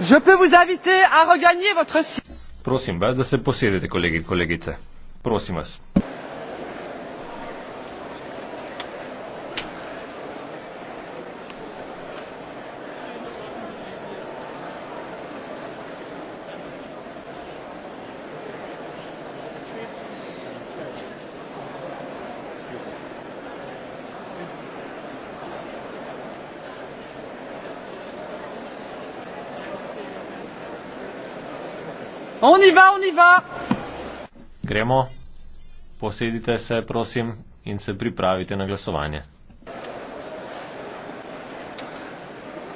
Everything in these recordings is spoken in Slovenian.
je peux vous inviter à regagner votre siège. Prosim vas, da se posedete, kolegi in kolegice. Prosim vas. On y va, on y va. Gremo, posedite se, prosim, in se pripravite na glasovanje.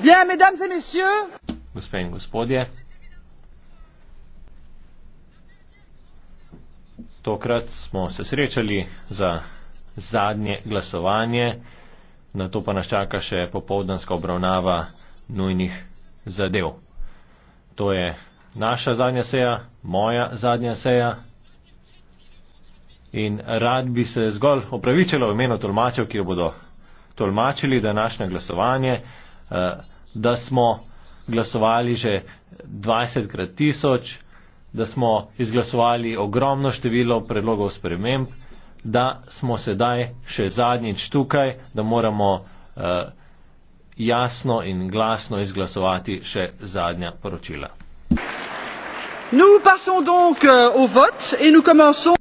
Bien, mesdames et messieurs. Gospe in gospodje. Tokrat smo se srečali za zadnje glasovanje, na to pa nas čaka še popovdanska obravnava nujnih zadev. To je naša zadnja seja, moja zadnja seja. In rad bi se zgolj opravičila v imenu tolmačev, ki jo bodo tolmačili današnje glasovanje, eh, da smo glasovali že 20 krat tisoč, da smo izglasovali ogromno število predlogov sprememb, da smo sedaj še zadnjič tukaj, da moramo eh, jasno in glasno izglasovati še zadnja poročila nous passons donc euh, au vote et nous commençons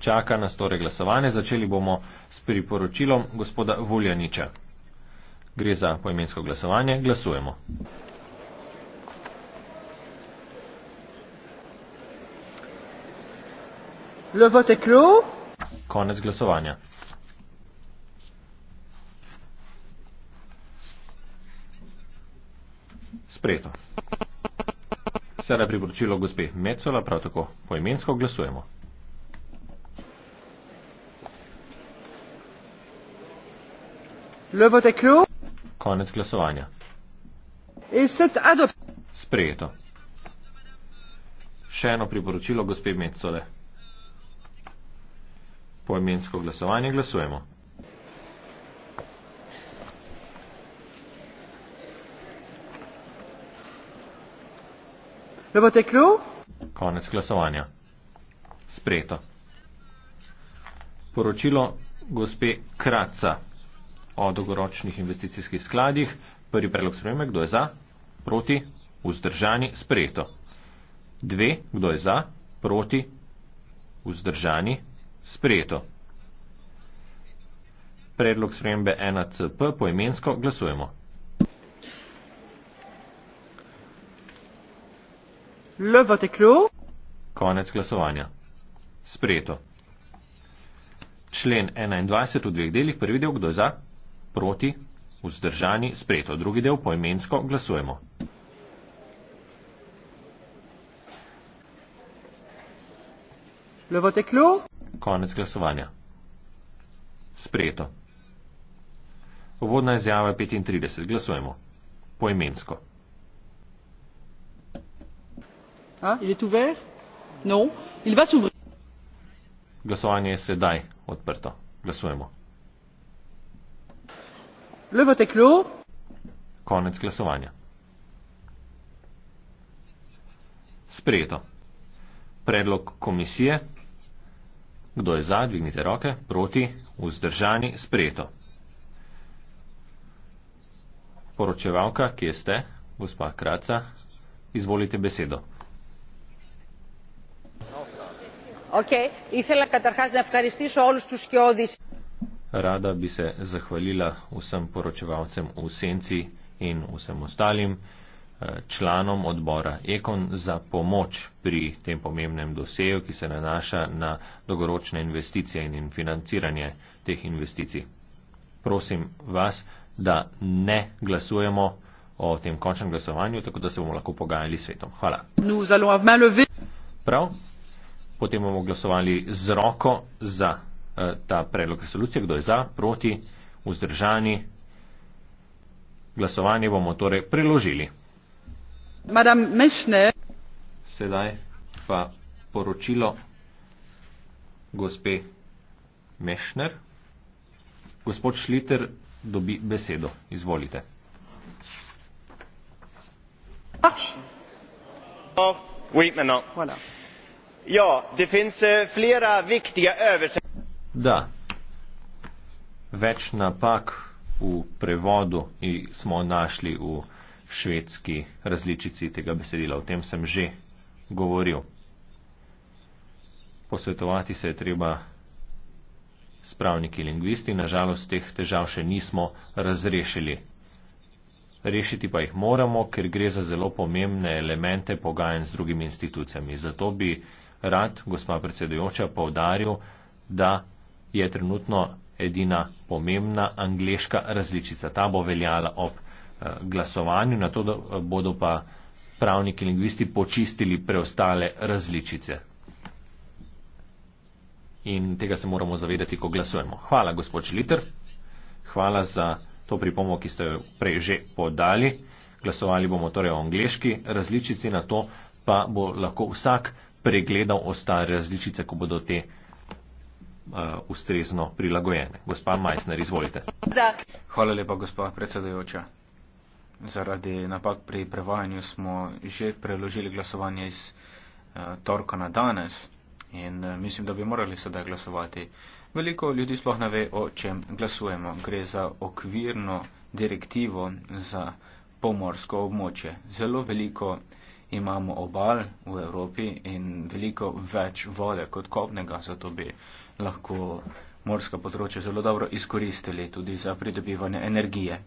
Čaka nas torej glasovanje, začeli bomo s priporočilom gospoda Vuljaniča. Gre za poimensko glasovanje, glasujemo. Le vote est clos. Konec glasovanja. Sprejeto. Sedaj priporočilo gospe Mecola, prav tako poimensko glasujemo. Le vote clou. Konec glasovanja. Sprejeto. Še eno priporočilo gospe Mecole. Poimensko glasovanje glasujemo. Konec glasovanja. Sprejeto. Poročilo gospe Kratca o dolgoročnih investicijskih skladih. Prvi predlog spremembe, kdo je za, proti, vzdržani, sprejeto. Dve, kdo je za, proti, vzdržani, sprejeto. Predlog spremembe NACP poimensko glasujemo. Le vote clos. Konec glasovanja. Sprejeto. Člen 21 v dveh delih, prvi del, kdo je za, proti, vzdržani, sprejeto. Drugi del, poimensko, glasujemo. Le vote clos. Konec glasovanja. Sprejeto. Uvodna izjava je 35. Glasujemo. Poimensko. Glasovanje je sedaj odprto. Glasujemo. Le vote clos. Konec glasovanja. Sprejeto. Predlog komisije. Kdo je za, dvignite roke. Proti, vzdržani, sprejeto. Poročevalka, kje ste? Gospa Kraca, izvolite besedo. Rada bi se zahvalila vsem poročevalcem v senci in vsem ostalim eh, članom odbora Ekon za pomoč pri tem pomembnem doseju, ki se nanaša na dolgoročne investicije in financiranje teh investicij. Prosim vas, da ne glasujemo o tem končnem glasovanju, tako da se bomo lahko pogajali s svetom. Hvala. Prav. Potem bomo glasovali z roko za eh, ta predlog resolucije, kdo je za, proti, vzdržani. Glasovanje bomo torej priložili. Sedaj pa poročilo gospe Mešner. Gospod Šliter dobi besedo. Izvolite. Oh, wait, Ja, det finns eh, flera viktiga översättningar. Da. Več napak v prevodu smo našli v švedski različici tega besedila. O tem sem že govoril. Posvetovati se je treba s pravniki lingvisti. Nažalost, teh težav še nismo razrešili. Rešiti pa jih moramo, ker gre za zelo pomembne elemente pogajanj z drugimi institucijami. Zato bi rad, gospa predsedujoča, povdaril, da je trenutno edina pomembna angliška različica. Ta bo veljala ob eh, glasovanju, na to eh, bodo pa pravniki in lingvisti počistili preostale različice. In tega se moramo zavedati, ko glasujemo. Hvala, gospod Šliter. Hvala za to pripomo, ki ste jo prej že podali. Glasovali bomo torej o angliški različici, na to pa bo lahko vsak pregledal ostale različice, ko bodo te uh, ustrezno prilagojene. Gospa Majsner, izvolite. Hvala lepa, gospa predsedajoča. Zaradi napak pri prevajanju smo že preložili glasovanje iz uh, torka na danes in uh, mislim, da bi morali sedaj glasovati. Veliko ljudi sploh ne ve, o čem glasujemo. Gre za okvirno direktivo za pomorsko območje. Zelo veliko imamo obal v Evropi in veliko več vode kot kopnega, zato bi lahko morska področja zelo dobro izkoristili tudi za pridobivanje energije.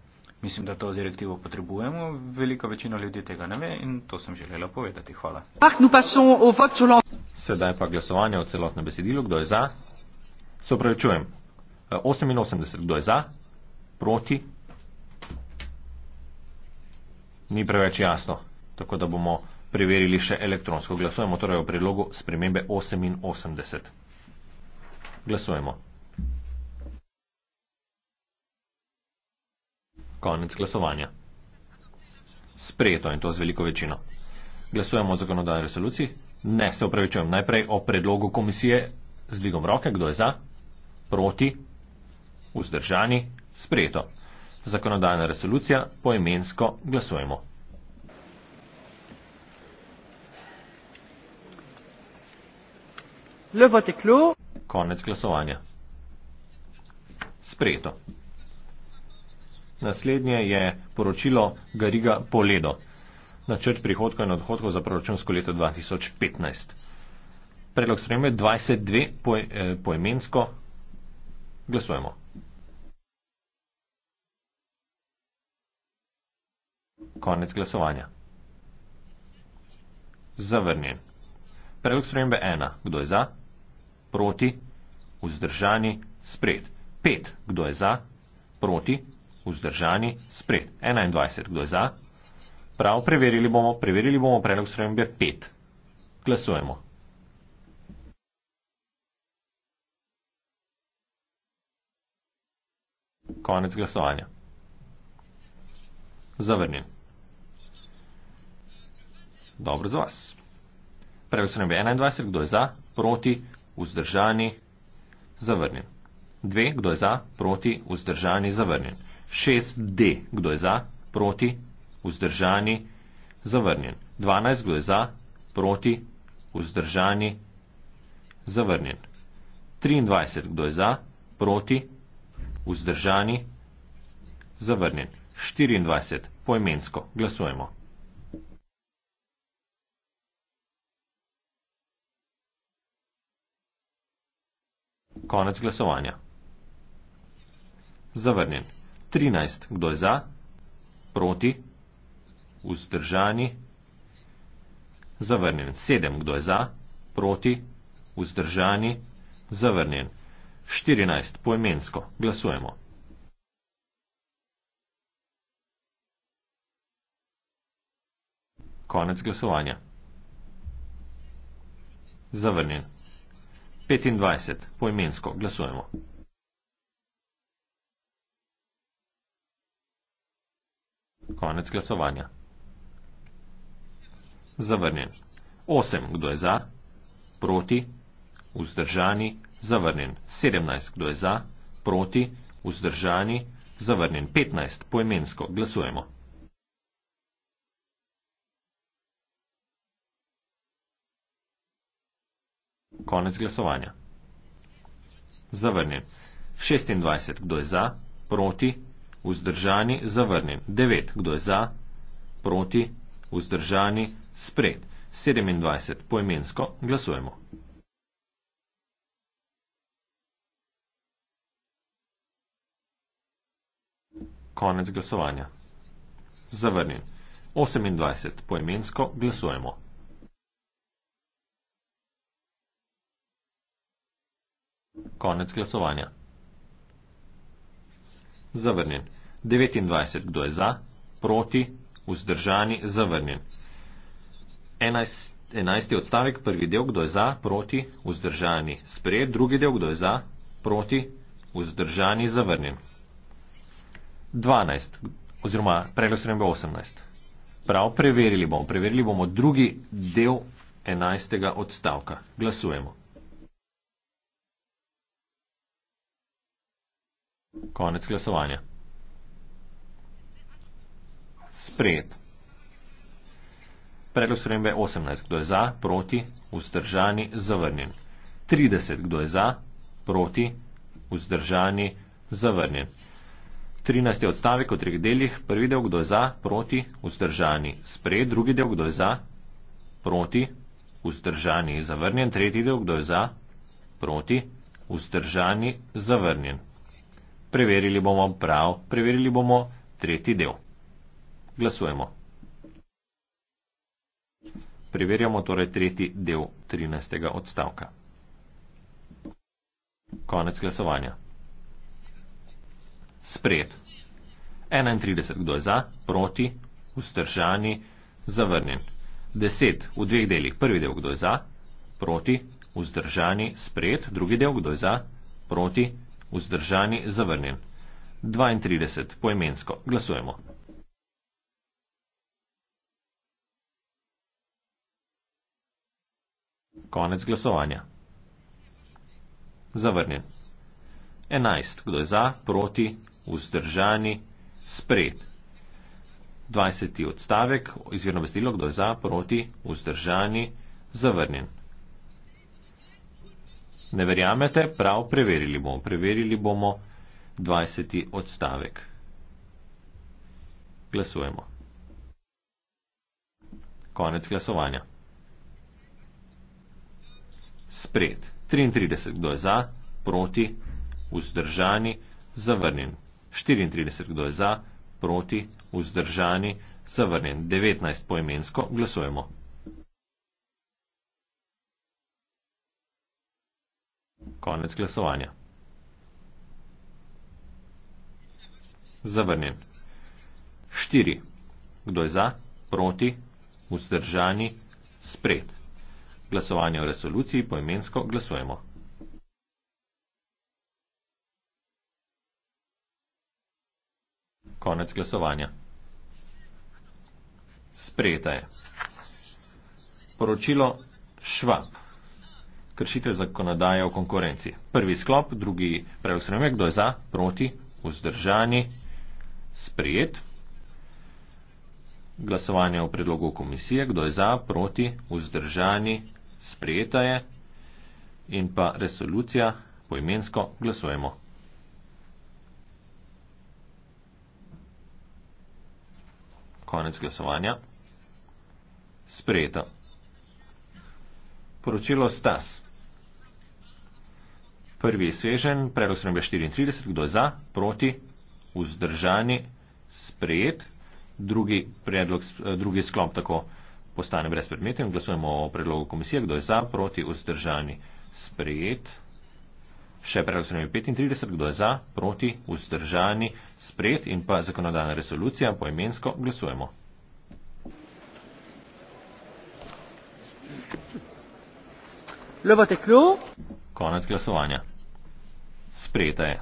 Mislim, da to direktivo potrebujemo, velika večina ljudi tega ne ve in to sem želela povedati. Hvala. Sedaj pa glasovanje o celotnem besedilu. Kdo je za? Se upravičujem. 88. Kdo je za? Proti? Ni preveč jasno. Tako da bomo preverili še elektronsko. Glasujemo torej o predlogu spremembe 88. Glasujemo. Konec glasovanja. Sprejeto in to z veliko večino. Glasujemo o zakonodajni resoluciji. Ne, se upravičujem. Najprej o predlogu komisije z dvigom roke. Kdo je za? Proti? Vzdržani? Sprejeto. Zakonodajna resolucija. Poemensko glasujemo. Le vote clos. Konec glasovanja. Sprejeto. Naslednje je poročilo Gariga Poledo. Načrt prihodkov in odhodkov za proračunsko leto 2015. Predlog spremembe 22 poj, eh, poimensko. Glasujemo. Konec glasovanja. Zavrnjen. Predlog spremembe 1. Kdo je za? proti, vzdržani, spred. 5. Kdo je za? Proti, vzdržani, spred. 21. Kdo je za? Prav, preverili bomo, preverili bomo predlog spremembe 5. Glasujemo. Konec glasovanja. Zavrnjen. Dobro za vas. Predlog spremembe 21. Kdo je za? Proti, vzdržani, zavrnjen. 2. Kdo je za, proti, vzdržani, zavrnjen. 6D. Kdo je za, proti, vzdržani, zavrnjen. 12. Kdo je za, proti, vzdržani, zavrnjen. 23. Kdo je za, proti, vzdržani, zavrnjen. 24. Poimensko. Glasujemo. Konec glasovanja. Zavrnjen. 13. Kdo je za? Proti? Vzdržani? Zavrnjen. 7. Kdo je za? Proti? Vzdržani? Zavrnjen. 14. Poimensko. Glasujemo. Konec glasovanja. Zavrnjen. 25. Poimensko glasujemo. Konec glasovanja. Zavrnjen. 8. Kdo je za? Proti. Vzdržani. Zavrnjen. 17. Kdo je za? Proti. Vzdržani. Zavrnjen. 15. Poimensko glasujemo. Konec glasovanja. Zavrnjen. 26. Kdo je za? Proti. Vzdržani. Zavrnjen. 9. Kdo je za? Proti. Vzdržani. Spred. 27. Poimensko. Glasujemo. Konec glasovanja. Zavrnjen. 28. Poimensko. Glasujemo. Konec glasovanja. Zavrnjen. 29. Kdo je za? Proti? Vzdržani? Zavrnjen. 11. Enajst, odstavek. Prvi del. Kdo je za? Proti? Vzdržani? Sprejet. Drugi del. Kdo je za? Proti? Vzdržani? Zavrnjen. 12. Oziroma, predlog sprememba 18. Prav preverili bomo. Preverili bomo drugi del enajstega odstavka. Glasujemo. Konec glasovanja. Sprejet. Predlog spremembe 18. Kdo je za, proti, vzdržani, zavrnjen. 30. Kdo je za, proti, vzdržani, zavrnjen. 13. odstavek v treh delih. Prvi del, kdo je za, proti, vzdržani, sprejet. Drugi del, kdo je za, proti, vzdržani, zavrnjen. Tretji del, kdo je za, proti, vzdržani, zavrnjen. Preverili bomo prav, preverili bomo tretji del. Glasujemo. Preverjamo torej tretji del 13. odstavka. Konec glasovanja. Sprejet. 31. Kdo je za? Proti? Vzdržani? Zavrnjen. 10. V dveh delih. Prvi del. Kdo je za? Proti? Vzdržani? Sprejet. Drugi del. Kdo je za? Proti? Vzdržani? vzdržani zavrnjen. 32 poemensko glasujemo. Konec glasovanja. Zavrnjen. 11. Kdo je za, proti, vzdržani, sprejet. 20. odstavek, izvirno besedilo, kdo je za, proti, vzdržani, zavrnjen. Ne verjamete, prav preverili bomo. Preverili bomo 20. odstavek. Glasujemo. Konec glasovanja. Spred. 33. Kdo je za? Proti. Vzdržani. Zavrnjen. 34. Kdo je za? Proti. Vzdržani. Zavrnjen. 19. Poimensko. Glasujemo. Konec glasovanja. Zavrnjen. 4. Kdo je za, proti, vzdržani, spred? Glasovanje o resoluciji poimensko glasujemo. Konec glasovanja. Sprejeta je. Poročilo Švab kršitev zakonodaje o konkurenci. Prvi sklop, drugi predlog spremembe, kdo je za, proti, vzdržani, sprijet. Glasovanje o predlogu komisije, kdo je za, proti, vzdržani, sprijeta je in pa resolucija, poimensko glasujemo. Konec glasovanja. Sprejeto. Poročilo Stas. Prvi je svežen, predlog sprembe 34, kdo je za, proti, vzdržani, sprejet. Drugi, predlog, eh, drugi sklop tako postane brezpredmeten. Glasujemo o predlogu komisije, kdo je za, proti, vzdržani, sprejet. Še predlog sprembe 35, kdo je za, proti, vzdržani, sprejet. In pa zakonodajna resolucija, poimensko glasujemo. Le vote est clos. Konec glasovanja. Spreta je.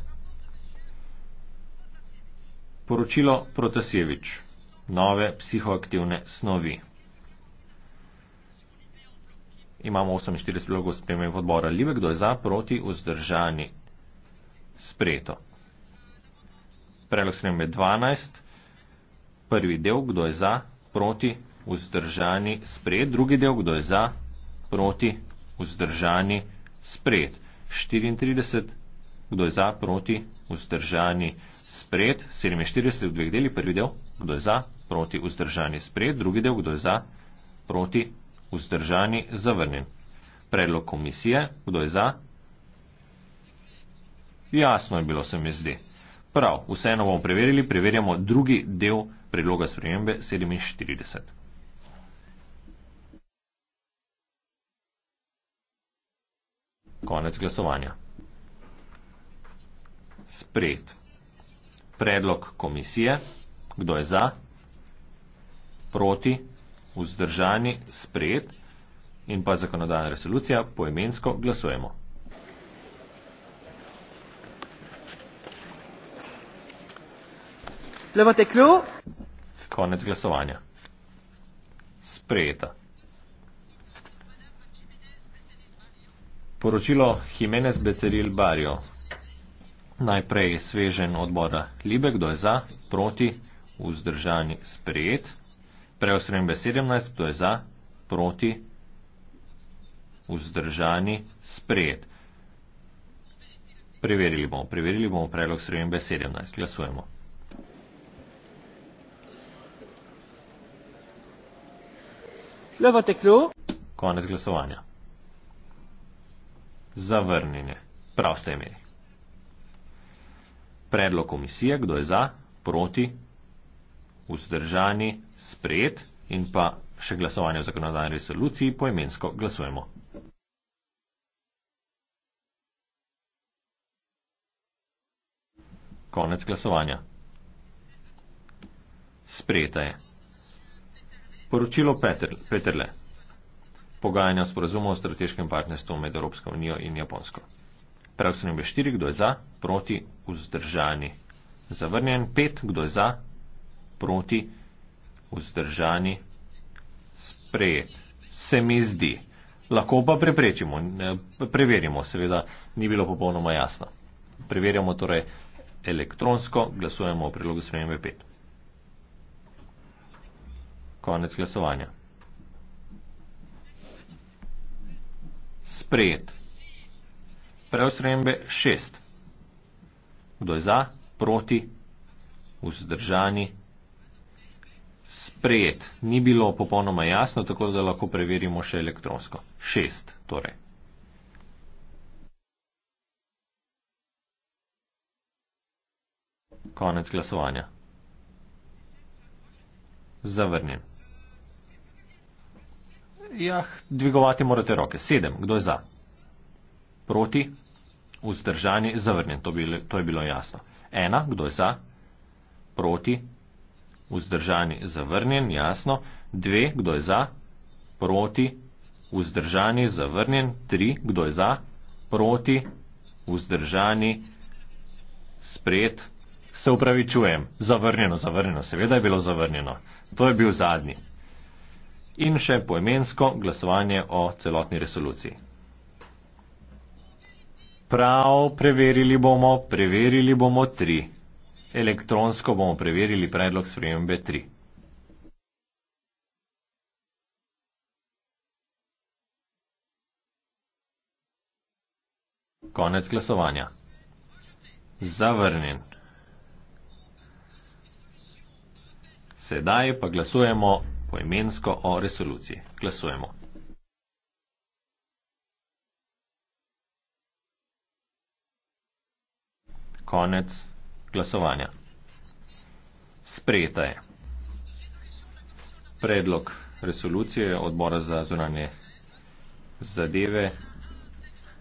Poročilo Protasevič. Nove psihoaktivne snovi. Imamo 48 vlogov spremem odbora. Libe, kdo je za, proti, vzdržani. Spreto. Predlog spremem je 12. Prvi del, kdo je za, proti, vzdržani. Spreto. Drugi del, kdo je za, proti, vzdržani. Spreto sprejet. 34, kdo je za, proti, vzdržani, sprejet. 47 v dveh delih, prvi del, kdo je za, proti, vzdržani, sprejet. Drugi del, kdo je za, proti, vzdržani, zavrnjen. Predlog komisije, kdo je za? Jasno je bilo, se mi zdi. Prav, vseeno bomo preverili, preverjamo drugi del predloga spremembe 47. Konec glasovanja. Sprejet. Predlog komisije. Kdo je za? Proti? Vzdržani? Sprejet? In pa zakonodajna resolucija poemensko glasujemo. Konec glasovanja. Sprejeta. Poročilo Jimenez Beceril Barrio. Najprej je svežen odbora Libe, kdo je za, proti, vzdržani, sprejet. Preostrembe 17, kdo je za, proti, vzdržani, sprejet. Preverili bomo, preverili bomo predlog srembe 17. Glasujemo. Konec glasovanja zavrnjene. Prav ste imeli. Predlog komisije, kdo je za, proti, vzdržani, sprejet in pa še glasovanje o zakonodajni resoluciji poimensko glasujemo. Konec glasovanja. Sprejeta je. Poročilo Peter, Peterle pogajanja o sporazumu o strateškem partnerstvu med Evropsko unijo in Japonsko. Predlog se nam je štiri, kdo je za, proti, vzdržani. Zavrnjen pet, kdo je za, proti, vzdržani, sprejet. Se mi zdi. Lahko pa preprečimo, preverimo, seveda ni bilo popolnoma jasno. Preverjamo torej elektronsko, glasujemo o predlogu spremembe 5. Konec glasovanja. sprejet. Prav srembe šest. Kdo je za, proti, vzdržani, sprejet. Ni bilo popolnoma jasno, tako da lahko preverimo še elektronsko. Šest torej. Konec glasovanja. Zavrnjen. Ja, dvigovati morate roke. Sedem. Kdo je za? Proti? Vzdržani? Zavrnjen. To, bil, to je bilo jasno. Ena. Kdo je za? Proti? Vzdržani? Zavrnjen. Jasno. Dve. Kdo je za? Proti? Vzdržani? Zavrnjen. Tri. Kdo je za? Proti? Vzdržani? Spred? Se upravičujem. Zavrnjeno, zavrnjeno. Seveda je bilo zavrnjeno. To je bil zadnji in še poemensko glasovanje o celotni resoluciji. Prav, preverili bomo, preverili bomo tri. Elektronsko bomo preverili predlog spremembe tri. Konec glasovanja. Zavrnjen. Sedaj pa glasujemo poimensko o resoluciji. Glasujemo. Konec glasovanja. Sprejeta je. Predlog resolucije odbora za zunanje zadeve,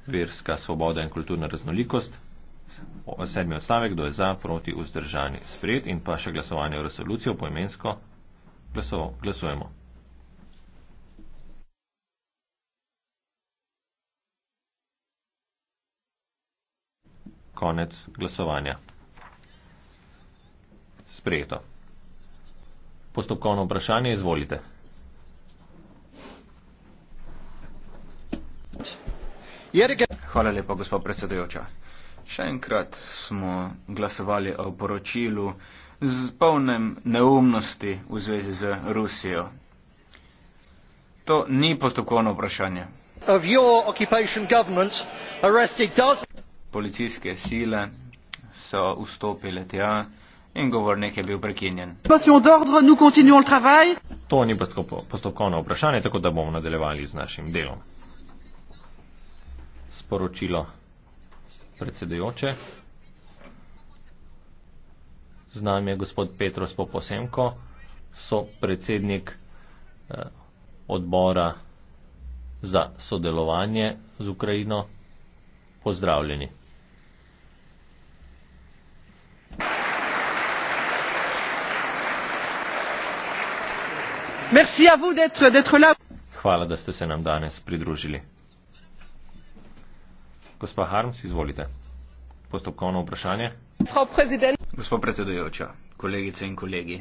verska svoboda in kulturna raznolikost. Sedmi odstavek, kdo je za, proti, vzdržani, sprejet in pa še glasovanje o resoluciji poimensko Glasujemo. Konec glasovanja. Sprejeto. Postopkovno vprašanje izvolite. Hvala lepa, gospod predsedujoča. Še enkrat smo glasovali o poročilu z polnem neumnosti v zvezi z Rusijo. To ni postopkovno vprašanje. Policijske sile so vstopile tja in govornik je bil prekinjen. To ni postopkovno vprašanje, tako da bomo nadaljevali z našim delom. Sporočilo predsedujoče z nami je gospod Petros Poposemko, so predsednik eh, odbora za sodelovanje z Ukrajino. Pozdravljeni. Hvala, da ste se nam danes pridružili. Gospa Harms, izvolite. Postopkovno vprašanje. Frau Präsident. Gospod predsedujoča, kolegice in kolegi.